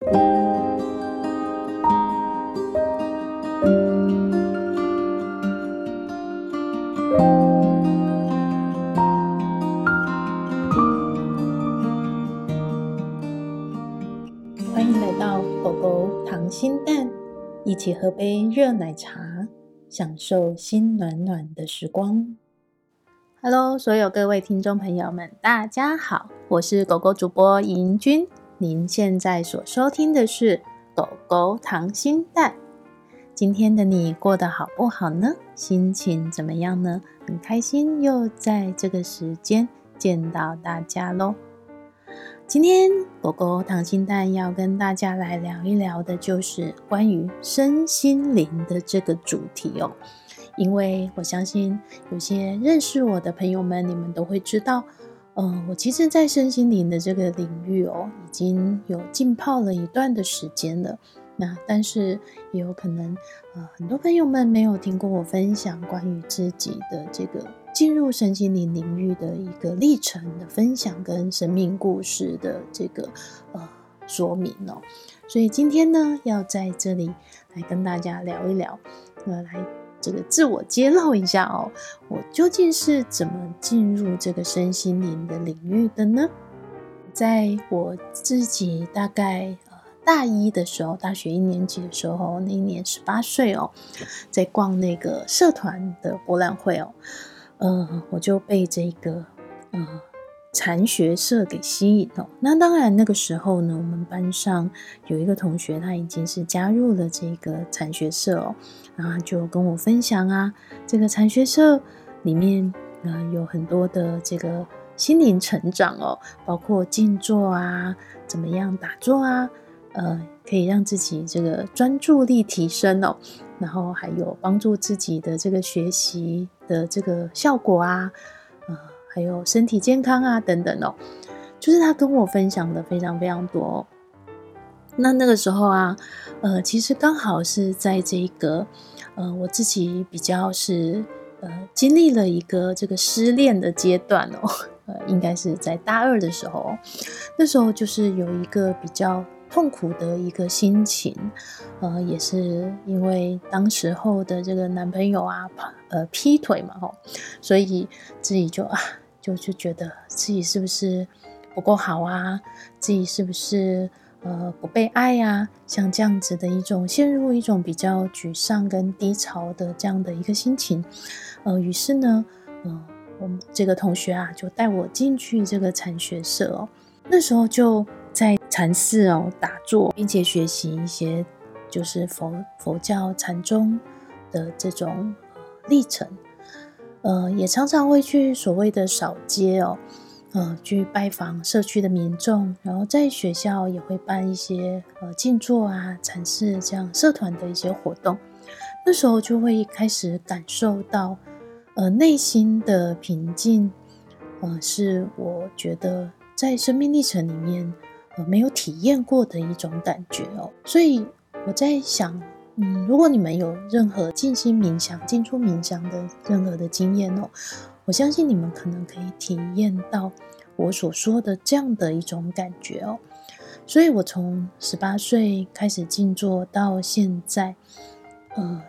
歡迎來到狗狗糖心蛋，一起喝杯熱奶茶，享受心暖暖的時光。Hello，所有各位聽眾朋友們，大家好，我是狗狗主播盈君。您現在所收聽的是狗狗溏心蛋。今天的你過得好不好呢？心情怎麼樣呢？很開心又在這個時間見到大家嘍。今天狗狗溏心蛋要跟大家來聊一聊的，就是關於身心靈的這個主題哦。因為我相信有些認識我的朋友們，你們都會知道。嗯、呃，我其實，在身心靈的這個領域哦，已經有浸泡了一段的時間了。那但是也有可能，呃，很多朋友們沒有聽過我分享關於自己的這個進入身心靈領域的一個歷程的分享跟生命故事的這個呃說明哦。所以今天呢，要在這裡來跟大家聊一聊，呃，來。這個自我揭露一下哦，我究竟是怎麼進入這個身心靈的領域的呢？在我自己大概大一的時候，大學一年級的時候，那一年十八歲哦，在逛那個社團的博覽會哦，嗯、呃，我就被這個嗯。呃禪學社給吸引喔，那當然那個時候呢，我們班上有一個同學，他已經是加入了這個禪學社喔，然後就跟我分享啊，這個禪學社裡面，呃，有很多的這個心靈成長喔，包括靜坐啊，怎麼樣打坐啊，呃，可以讓自己這個專注力提升喔，然後還有幫助自己的這個學習的這個效果啊。還有身體健康啊，等等哦，就是他跟我分享的非常非常多哦。那那個時候啊，呃，其實剛好是在這個，呃，我自己比較是呃經歷了一個這個失戀的階段哦，呃，應該是在大二的時候，那時候就是有一個比較。痛苦的一個心情，呃，也是因為當時候的這個男朋友啊，呃，劈腿嘛，哦，哈，所以自己就啊，就就覺得自己是不是不夠好啊？自己是不是呃不被愛呀，啊？像這樣子的一種陷入一種比較沮喪跟低潮的這樣的一個心情，呃，於是呢，嗯，呃，我們這個同學啊，就帶我進去這個禪學社哦，那時候就。禪寺哦，打坐，並且學習一些就是佛佛教禪宗的這種歷程。呃，也常常會去所謂的掃街哦，呃，去拜訪社區的民眾。然後在學校也會辦一些呃靜坐啊、禪寺這樣社團的一些活動。那時候就會開始感受到呃內心的平靜。呃，是我覺得在生命歷程裡面沒有體驗過的一種感覺哦，所以我在想，嗯，如果你們有任何靜心冥想、靜坐冥想的任何的經驗哦，我相信你們可能可以體驗到我所說的這樣的一種感覺哦。所以我從十八歲開始靜坐到現在，呃，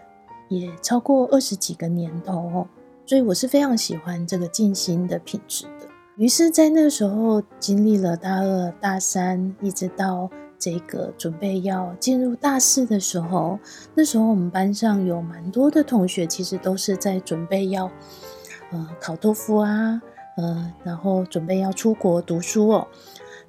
也超過二十幾個年頭哦，所以我是非常喜歡這個靜心的品質的。於是，在那時候經歷了大二、大三，一直到這個準備要進入大四的時候，那時候我們班上有蠻多的同學，其實都是在準備要，呃，考托福啊，呃，然後準備要出國讀書哦。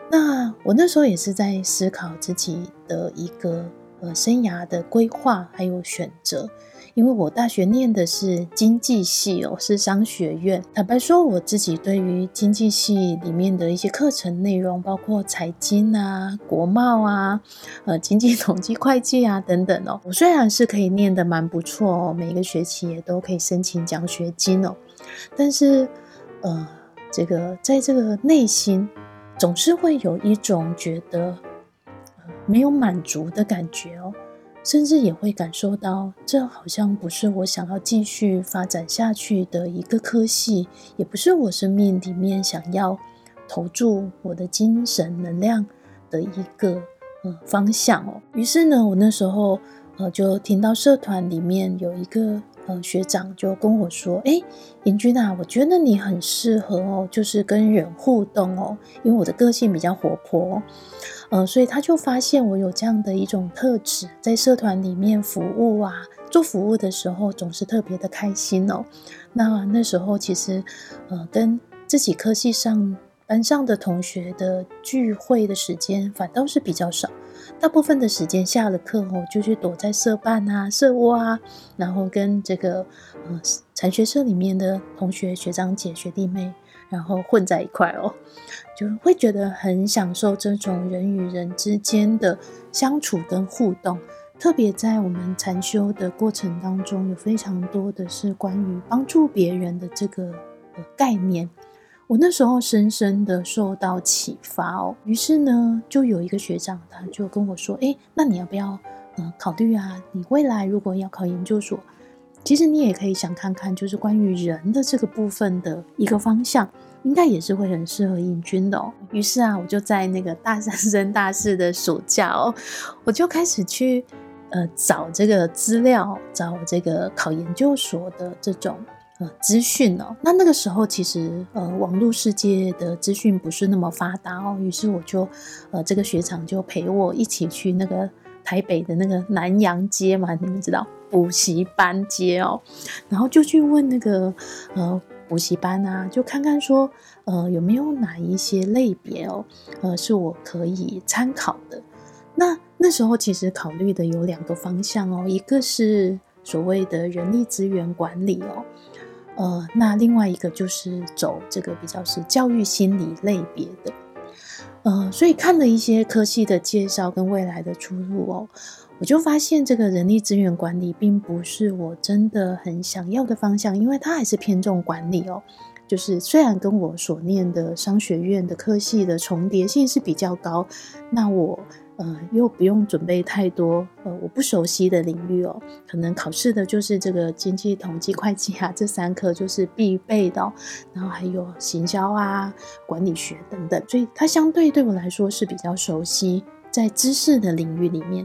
那我那時候也是在思考自己的一個呃生涯的規劃還有選擇。因為我大學念的是經濟系哦，是商學院。坦白說，我自己對於經濟系裡面的一些課程內容，包括財經啊、國貿啊、呃、經濟統計、會計啊等等哦，我雖然是可以念得蠻不錯哦，每一個學期也都可以申請獎學金哦，但是，呃，這個在這個內心總是會有一種覺得、呃、沒有滿足的感覺哦。甚至也會感受到，這好像不是我想要繼續發展下去的一個科系，也不是我生命裡面想要投注我的精神能量的一個、嗯、方向哦。於是呢，我那時候、呃、就聽到社團裡面有一個、呃、學長就跟我說：“哎，盈君啊，我覺得你很適合哦，就是跟人互動哦，因為我的個性比較活潑。”呃，所以他就發現我有這樣的一種特質，在社團裡面服務啊，做服務的時候總是特別的開心哦。那那時候其實，呃，跟自己科系上班上的同學的聚會的時間反倒是比較少，大部分的時間下了課後，哦，就去躲在社辦啊、社窩啊，然後跟這個呃禪學社裡面的同學、學長姐、學弟妹。然後混在一塊哦，就會覺得很享受這種人與人之間的相處跟互動。特別在我們禪修的過程當中，有非常多的是關於幫助別人的這個概念。我那時候深深的受到啟發哦，於是呢，就有一個學長他就跟我說：“哎，那你要不要嗯、呃、考慮啊？你未來如果要考研究所。”其實你也可以想看看，就是關於人的這個部分的一個方向，應該也是會很適合盈君的哦。於是啊，我就在那個大三升大四的暑假哦，我就開始去呃找這個資料，找這個考研究所的這種呃資訊哦。那那個時候其實呃網絡世界的資訊不是那麼發達哦，於是我就呃這個學長就陪我一起去那個台北的那個南陽街嘛，你們知道。補習班接哦，然後就去問那個呃補習班啊，就看看說呃有沒有哪一些類別哦，呃是我可以參考的。那那時候其實考慮的有兩個方向哦，一個是所謂的人力資源管理哦，呃那另外一個就是走這個比較是教育心理類別的，呃所以看了一些科系的介紹跟未來的出入哦。我就發現這個人力資源管理並不是我真的很想要的方向，因為它還是偏重管理哦。就是雖然跟我所念的商學院的科系的重疊性是比較高，那我呃又不用準備太多呃我不熟悉的領域哦。可能考試的就是這個經濟、統計、會計啊這三科就是必備的哦，然後還有行銷啊、管理學等等，所以它相對對我來說是比較熟悉在知識的領域裡面。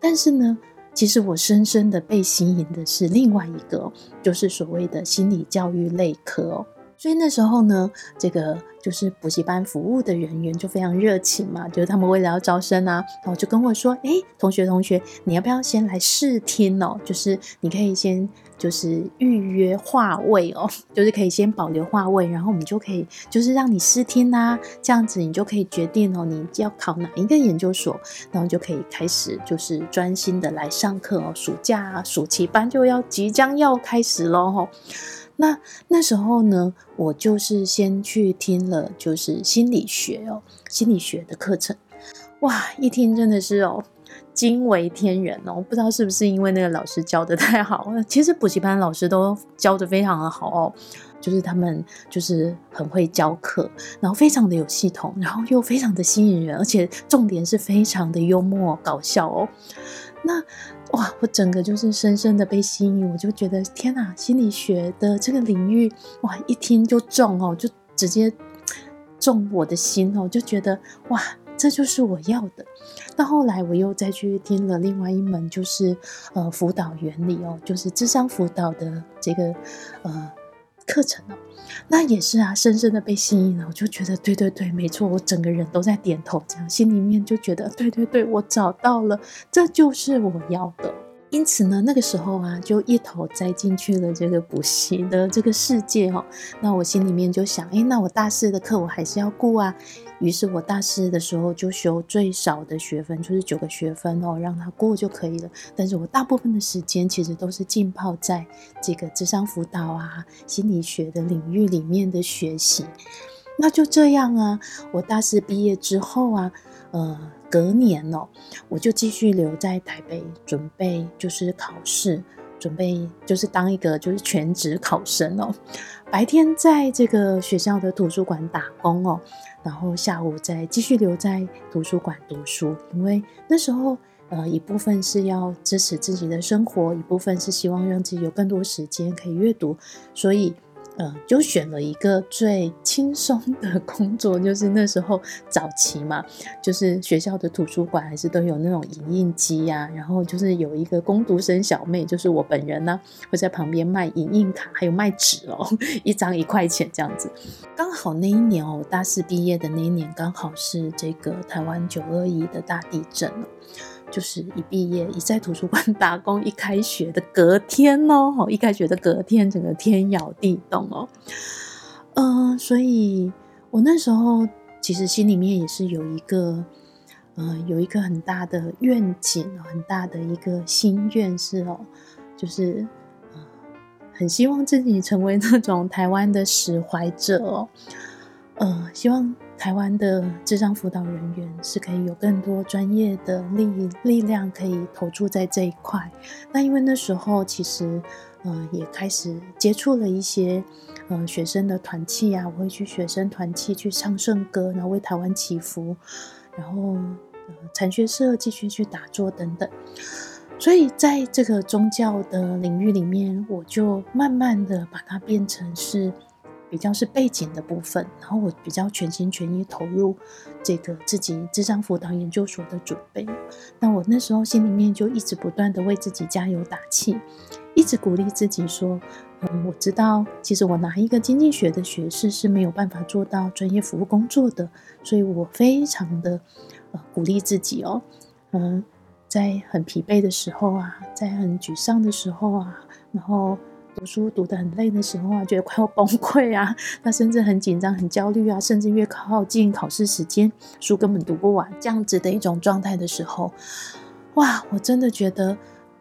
但是呢，其實我深深的被吸引的是另外一個，就是所謂的心理教育類科哦。所以那時候呢，這個就是補習班服務的人員就非常熱情嘛，就是他們為了要招生啊，然後就跟我說：“哎、欸，同學同學，你要不要先來試聽哦？就是你可以先。”就是預約劃位哦，就是可以先保留劃位，然後我們就可以就是讓你試聽啊。這樣子你就可以決定哦，你要考哪一個研究所，然後就可以開始就是專心的來上課哦。暑假、啊、暑期班就要即將要開始嘍，那那時候呢，我就是先去聽了就是心理學哦，心理學的課程，哇，一聽真的是哦。驚為天人哦！我不知道是不是因為那個老師教的太好了。其實補習班老師都教的非常的好哦，就是他們就是很會教課，然後非常的有系統，然後又非常的吸引人，而且重點是非常的幽默搞笑哦。那哇，我整個就是深深的被吸引，我就覺得天哪、啊，心理學的這個領域哇，一聽就中哦，就直接中我的心哦，就覺得哇。這就是我要的。到後來，我又再去聽了另外一門，就是呃輔導原理哦，就是諮商輔導的這個呃課程哦。那也是啊，深深的被吸引了。我就覺得，對對對，沒錯，我整個人都在點頭，這樣心裡面就覺得，對對對，我找到了，這就是我要的。因此呢，那個時候啊，就一頭栽進去了這個補習的這個世界哦。那我心裡面就想，誒，那我大四的課我還是要過啊。於是，我大四的時候就修最少的學分，就是九個學分哦，讓它過就可以了。但是我大部分的時間其實都是浸泡在這個諮商輔導啊、心理學的領域裡面的學習。那就這樣啊，我大四畢業之後啊，呃。隔年哦，我就繼續留在台北，準備就是考試，準備就是當一個就是全職考生哦。白天在這個學校的圖書館打工哦，然後下午再繼續留在圖書館讀書。因為那時候呃，一部分是要支持自己的生活，一部分是希望讓自己有更多時間可以閱讀，所以。嗯，就選了一個最輕鬆的工作，就是那時候早期嘛，就是學校的圖書館還是都有那種影印機啊，然後就是有一個工讀生小妹，就是我本人呢，會在旁邊賣影印卡，還有賣紙哦，一張一塊錢這樣子。剛好那一年哦，我大四畢業的那一年，剛好是這個台灣九二一的大地震了。就是一畢業，一在圖書館打工，一開學的隔天哦，一開學的隔天，整個天搖地動哦。嗯、呃，所以我那時候其實心裡面也是有一個，呃，有一個很大的願景，很大的一個心願是哦，就是，很希望自己成為那種台灣的使懷者史懷哲哦。嗯、呃，希望。台灣的諮商輔導人員是可以有更多專業的力力量可以投注在這一塊。那因為那時候其實，呃，也開始接觸了一些，呃，學生的團契啊，我會去學生團契去唱聖歌，然後為台灣祈福，然後呃禪學社繼續去打坐等等。所以在這個宗教的領域裡面，我就慢慢的把它變成是。比較是背景的部分，然後我比較全心全意投入這個自己諮商輔導研究所的準備。那我那時候心裡面就一直不斷地為自己加油打氣，一直鼓勵自己說：“嗯，我知道，其實我拿一個經濟學的學士是沒有辦法做到專業服務工作的，所以我非常的呃鼓勵自己哦，嗯，在很疲憊的時候啊，在很沮喪的時候啊，然後。”讀書讀得很累的時候啊，覺得快要崩潰啊，那甚至很緊張、很焦慮啊，甚至越靠近考試時間，書根本讀不完，這樣子的一種狀態的時候，哇，我真的覺得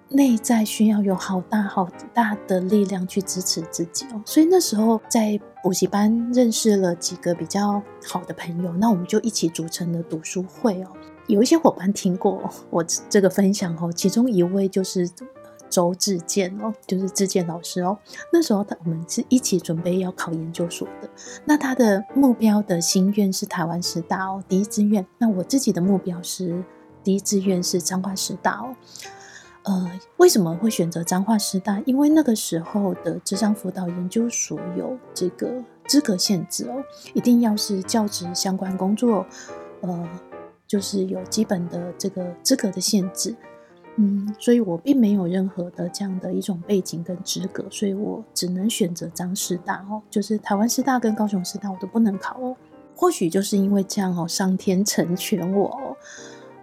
內在需要有好大好大的力量去支持自己哦。所以那時候在補習班認識了幾個比較好的朋友，那我們就一起組成了讀書會哦。有一些夥伴聽過我這個分享哦，其中一位就是。周志健哦，就是志健老師哦。那時候他我們是一起準備要考研究所的。那他的目標的心願是台灣師大哦，第一志願。那我自己的目標是第一志願是彰化師大哦。呃，為什麼會選擇彰化師大？因為那個時候的諮商輔導研究所有這個資格限制哦，一定要是教職相關工作，呃，就是有基本的這個資格的限制。嗯，所以我並沒有任何的這樣的一種背景跟資格，所以我只能選擇彰師大哦，就是台灣師大跟高雄師大我都不能考哦。或許就是因為這樣哦，上天成全我哦，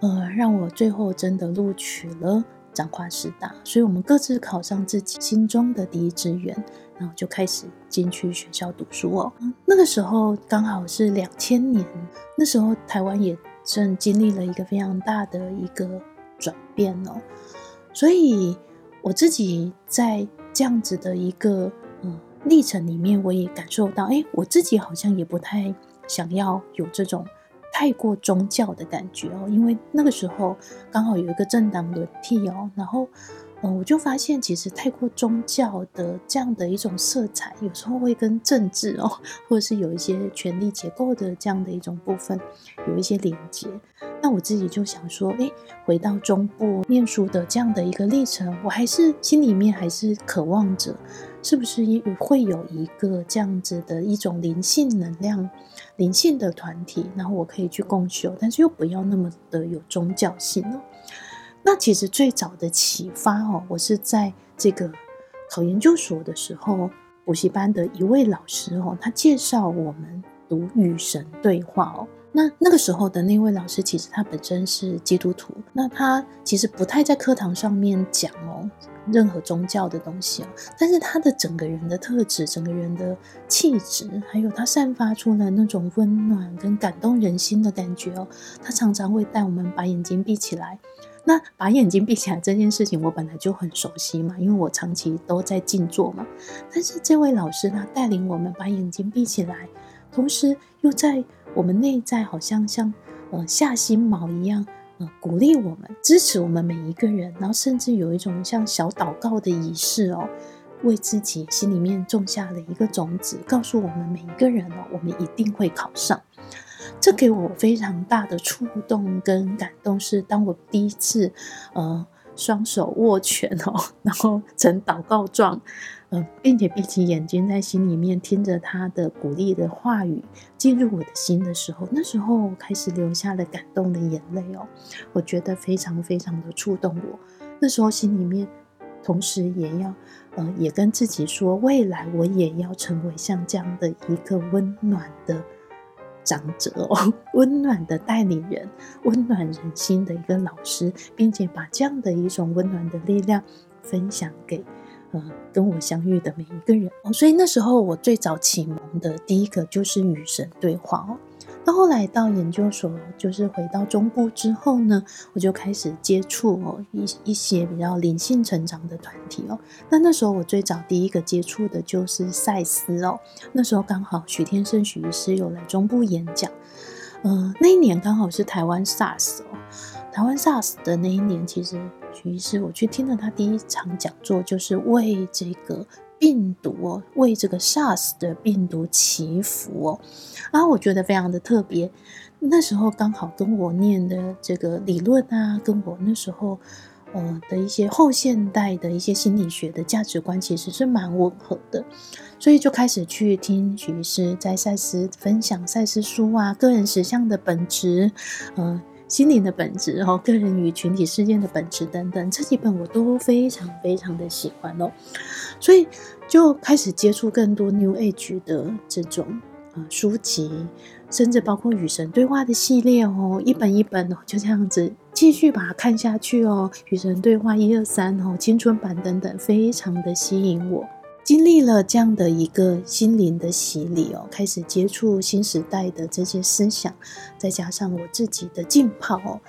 呃，讓我最後真的錄取了彰化師大。所以我們各自考上自己心中的第一志願，然後就開始進去學校讀書哦。那個時候剛好是兩千年，那時候台灣也正經歷了一個非常大的一個。變了、喔，所以我自己在這樣子的一個嗯、歷程裡面，我也感受到，哎、欸，我自己好像也不太想要有這種太過宗教的感覺哦、喔，因為那個時候剛好有一個政黨輪替哦、喔，然後。嗯，我就發現其實太過宗教的這樣的一種色彩，有時候會跟政治哦，或者是有一些權力結構的這樣的一種部分，有一些連接。那我自己就想說，哎，回到中部念書的這樣的一個歷程，我還是心裡面還是渴望着，是不是會有一個這樣子的一種靈性能量、靈性的團體，然後我可以去共修，但是又不要那麼的有宗教性呢、哦？那其實最早的啟發哦，我是在這個考研究所的時候，補習班的一位老師哦，他介紹我們讀與神對話哦。那那個時候的那位老師，其實他本身是基督徒，那他其實不太在課堂上面講哦任何宗教的東西哦，但是他的整個人的特質、整個人的氣質，還有他散發出來那種溫暖跟感動人心的感覺哦，他常常會帶我們把眼睛閉起來。那把眼睛閉起來這件事情，我本來就很熟悉嘛，因為我長期都在靜坐嘛。但是這位老師他，帶領我們把眼睛閉起來，同時又在我們內在好像像呃下心錨一樣，呃鼓勵我們，支持我們每一個人，然後甚至有一種像小禱告的儀式哦，為自己心裡面種下了一個種子，告訴我們每一個人哦，我們一定會考上。這給我非常大的觸動跟感動，是當我第一次，呃，雙手握拳哦，然後呈禱告狀，嗯、呃，並且閉起眼睛，在心裡面聽着他的鼓勵的話語進入我的心的時候，那時候我開始流下了感動的眼淚哦，我覺得非常非常的觸動我。那時候心裡面，同時也要，呃，也跟自己說，未來我也要成為像這樣的一個溫暖的。長者哦，溫暖的代理人，溫暖人心的一個老師，並且把這樣的一種溫暖的力量分享給，呃，跟我相遇的每一個人。哦，所以那時候我最早啟蒙的第一個就是與神對話哦。到後來到研究所，就是回到中部之後呢，我就開始接觸哦一一些比較靈性成長的團體哦。那那時候我最早第一個接觸的就是賽斯哦。那時候剛好許添盛許醫師有來中部演講，嗯、呃，那一年剛好是台灣 SARS 哦。台灣 SARS 的那一年，其實許醫師，我去聽了他第一場講座，就是為這個。病毒哦，為這個 SARS 的病毒祈福哦，啊，我覺得非常的特別。那時候剛好跟我念的這個理論啊，跟我那時候呃的一些後現代的一些心理學的價值觀其實是蠻吻合的，所以就開始去聽許醫師在賽斯分享賽斯書啊，個人實相的本質，嗯、呃。心靈的本質，吼，個人與群體事件的本質等等，這幾本我都非常非常的喜歡哦，所以就開始接觸更多 New Age 的這種啊書籍，甚至包括與神對話的系列哦，一本一本哦，就這樣子繼續把它看下去哦，與神對話一二三哦，青春版等等，非常的吸引我。經歷了這樣的一個心靈的洗禮哦，開始接觸新時代的這些思想，再加上我自己的浸泡、哦，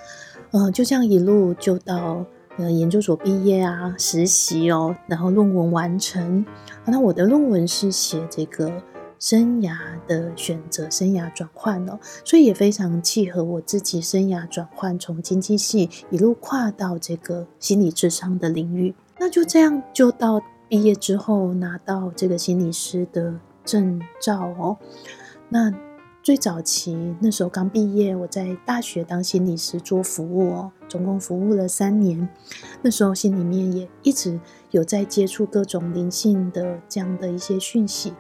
呃，就這樣一路就到呃研究所畢業啊，實習哦，然後論文完成、啊。那我的論文是寫這個生涯的選擇、生涯轉換哦，所以也非常契合我自己生涯轉換，從經濟系一路跨到這個心理諮商的領域。那就這樣就到。畢業之後拿到這個心理師的證照哦，那最早期那時候剛畢業，我在大學當心理師做服務哦，總共服務了三年。那時候心裡面也一直有在接觸各種靈性的這樣的一些訊息、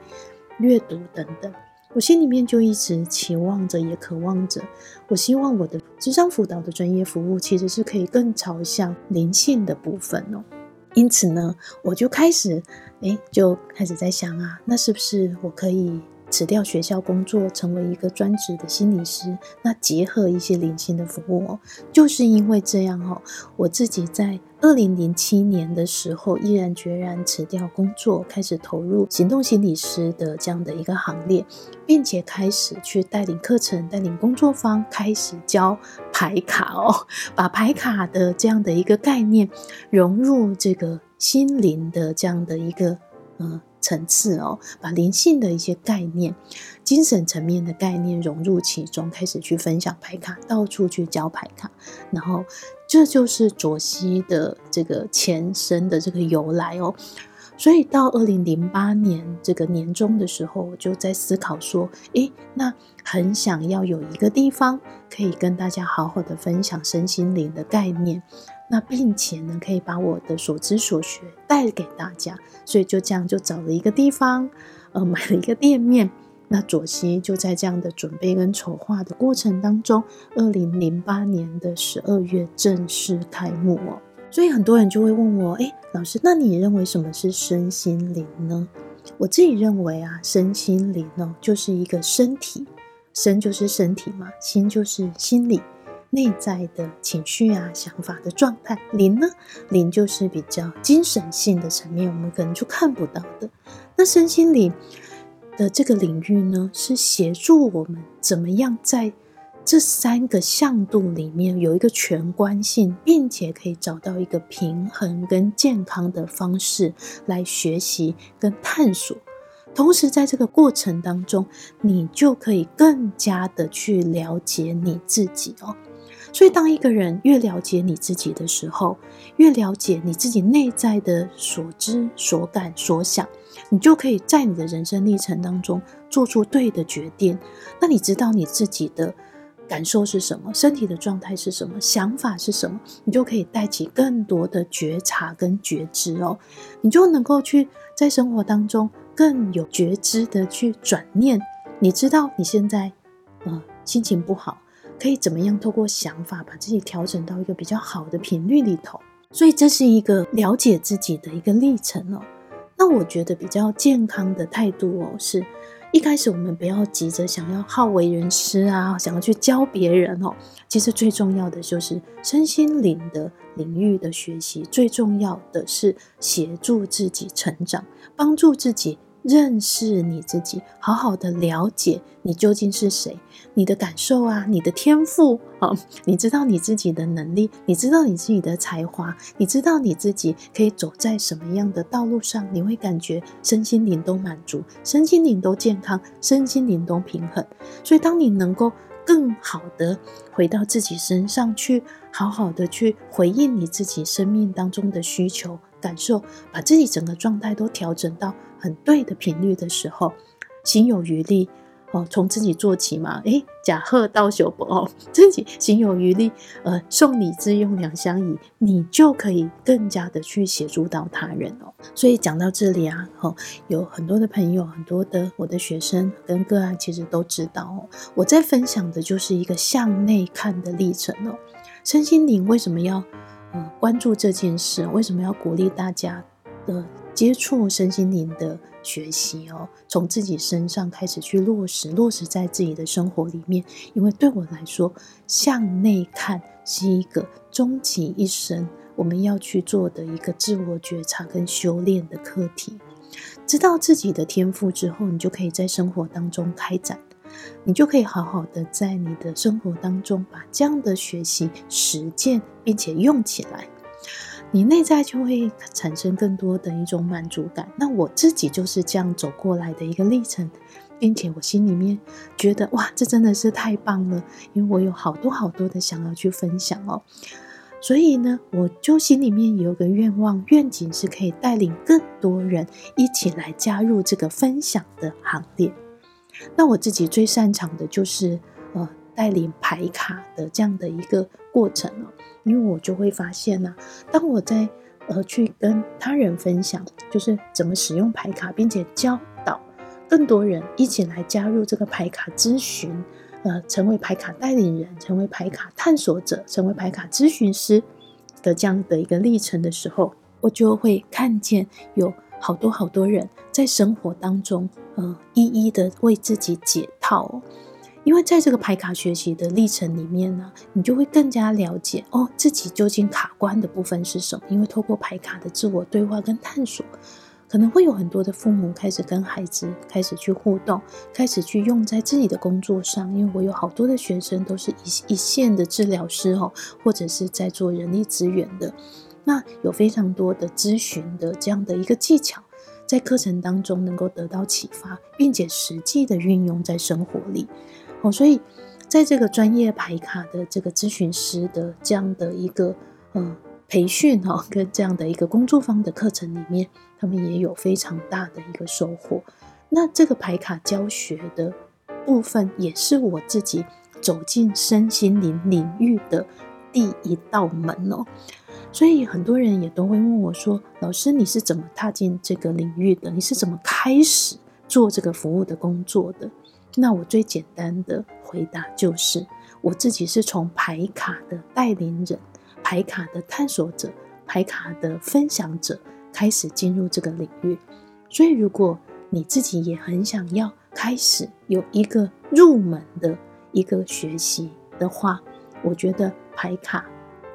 閱讀等等，我心裡面就一直期望着、也渴望着，我希望我的諮商輔導的專業服務其實是可以更朝向靈性的部分哦。因此呢，我就開始，哎、欸，就開始在想啊，那是不是我可以辭掉學校工作，成為一個專職的心理師？那結合一些靈性的服務，哦，就是因為這樣哦，我自己在。二零零七年的時候，毅然決然辭掉工作，開始投入行動心理師的這樣的一個行列，並且開始去帶領課程、帶領工作坊，開始教牌卡哦，把牌卡的這樣的一個概念融入這個心靈的這樣的一個嗯。層次哦，把靈性的一些概念、精神層面的概念融入其中，開始去分享牌卡，到處去教牌卡，然後這就是左西的這個前身的這個由來哦。所以到二零零八年這個年終的時候，我就在思考說，誒，那很想要有一個地方可以跟大家好好的分享身心靈的概念，那並且呢，可以把我的所知所學帶給大家。所以就這樣就找了一個地方，呃，買了一個店面。那左西就在這樣的準備跟籌劃的過程當中，二零零八年的十二月正式開幕哦。所以很多人就會問我，哎，老師，那你認為什麼是身心靈呢？我自己認為啊，身心靈呢，就是一個身體，身就是身體嘛，心就是心理，內在的情緒啊、想法的狀態。靈呢，靈就是比較精神性的層面，我們可能就看不到的。那身心靈的這個領域呢，是協助我們怎麼樣在。這三個向度裡面有一個全觀性，並且可以找到一個平衡跟健康的方式來學習跟探索。同時，在這個過程當中，你就可以更加的去了解你自己哦。所以，當一個人越了解你自己的時候，越了解你自己內在的所知、所感、所想，你就可以在你的人生歷程當中做出對的決定。那你知道你自己的，感受是什麼？身體的狀態是什麼？想法是什麼？你就可以帶起更多的覺察跟覺知哦，你就能夠去在生活當中更有覺知的去轉念。你知道你現在呃、嗯、心情不好，可以怎麼樣透過想法把自己調整到一個比較好的頻率裡頭。所以這是一個了解自己的一個歷程哦。那我覺得比較健康的態度哦是。一開始我們不要急着想要好為人師啊，想要去教別人哦。其實最重要的就是身心靈的領域的學習，最重要的是協助自己成長，幫助自己，認識你自己，好好的了解你究竟是誰，你的感受啊，你的天賦啊、哦，你知道你自己的能力，你知道你自己的才華，你知道你自己可以走在什麼樣的道路上，你會感覺身心靈都滿足，身心靈都健康，身心靈都平衡。所以，當你能夠更好的回到自己身上去，好好的去回應你自己生命當中的需求。感受，把自己整個狀態都調整到很對的頻率的時候，行有餘力哦，從自己做起嘛，誒，呷好逗相報哦，自己行有餘力，呃，送禮自用兩相宜，你就可以更加的去協助到他人哦。所以講到這裡啊，哦，有很多的朋友，很多的我的學生跟個案其實都知道，哦，我在分享的就是一個向內看的歷程哦，身心靈為什麼要？嗯、關注這件事，為什麼要鼓勵大家的、呃、接觸身心靈的學習哦？從自己身上開始去落實，落實在自己的生活裡面。因為對我來說，向內看，是一個終其一生，我們要去做的一個自我覺察跟修煉的課題。知道自己的天賦之後，你就可以在生活當中開展。你就可以好好的在你的生活當中，把這樣的學習實踐，並且用起來，你內在就會產生更多的一種滿足感。那我自己就是這樣走過來的一個歷程，並且我心裡面覺得哇，這真的是太棒了，因為我有好多好多的想要去分享哦。所以呢，我就心裡面也有個願望願景，是可以帶領更多人一起來加入這個分享的行列。那我自己最擅長的就是，呃，帶領牌卡的這樣的一個過程哦，因為我就會發現吶，當我在呃去跟他人分享，就是怎麼使用牌卡，並且教導更多人一起來加入這個牌卡諮詢，呃，成為牌卡帶領人，成為牌卡探索者，成為牌卡諮詢師的這樣的一個歷程的時候，我就會看見有好多好多人在生活當中。嗯、呃，一一的為自己解套，哦，因為在這個牌卡學習的歷程裡面呢，啊，你就會更加了解哦，自己究竟卡關的部分是什麼。因為透過牌卡的自我對話跟探索，可能會有很多的父母開始跟孩子開始去互動，開始去用在自己的工作上。因為我有好多的學生都是一一線的治療師哦，或者是在做人力資源的，那有非常多的諮詢的這樣的一個技巧。在課程當中能夠得到啟發，並且實際的運用在生活裡，哦，所以在這個專業牌卡的這個諮詢師的這樣的一個呃培訓哦，跟這樣的一個工作坊的課程裡面，他們也有非常大的一個收穫。那這個牌卡教學的部分，也是我自己走進身心靈領域的第一道門哦。所以很多人也都會問我說：“老師，你是怎麼踏進這個領域的？你是怎麼開始做這個服務的工作的？”那我最簡單的回答就是，我自己是從牌卡的帶領人、牌卡的探索者、牌卡的分享者開始進入這個領域。所以，如果你自己也很想要開始有一個入門的一個學習的話，我覺得牌卡。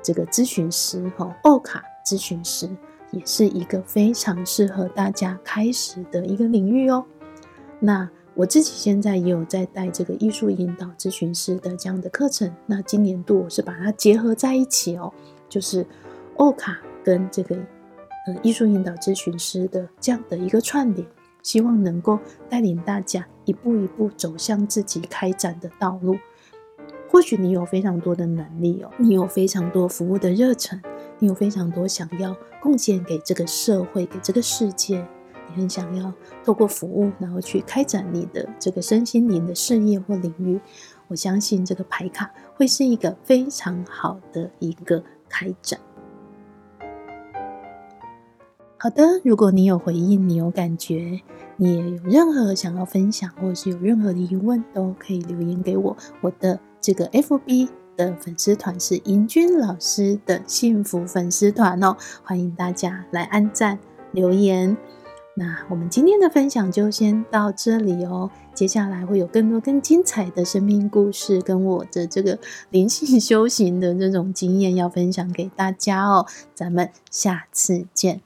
這個諮詢師，和奧卡諮詢師也是一個非常適合大家開始的一個領域哦。那我自己現在也有在帶這個藝術引導諮詢師的這樣的課程，那今年度我是把它結合在一起哦，就是奧卡跟這個呃藝術引導諮詢師的這樣的一個串聯，希望能夠帶領大家一步一步走向自己開展的道路。或許你有非常多的能力哦，你有非常多服務的熱忱，你有非常多想要貢獻給這個社會、給這個世界，你很想要透過服務，然後去開展你的這個身心靈的事業或領域。我相信這個牌卡會是一個非常好的一個開展。好的，如果你有回應，你有感覺，你也有任何想要分享，或者是有任何的疑問，都可以留言給我。我的。這個 FB 的粉絲團是盈君老師的幸福粉絲團哦，歡迎大家來按讚留言。那我們今天的分享就先到這裡哦，接下來會有更多更精彩的生命故事跟我的這個靈性修行的這種經驗要分享給大家哦，咱們下次見。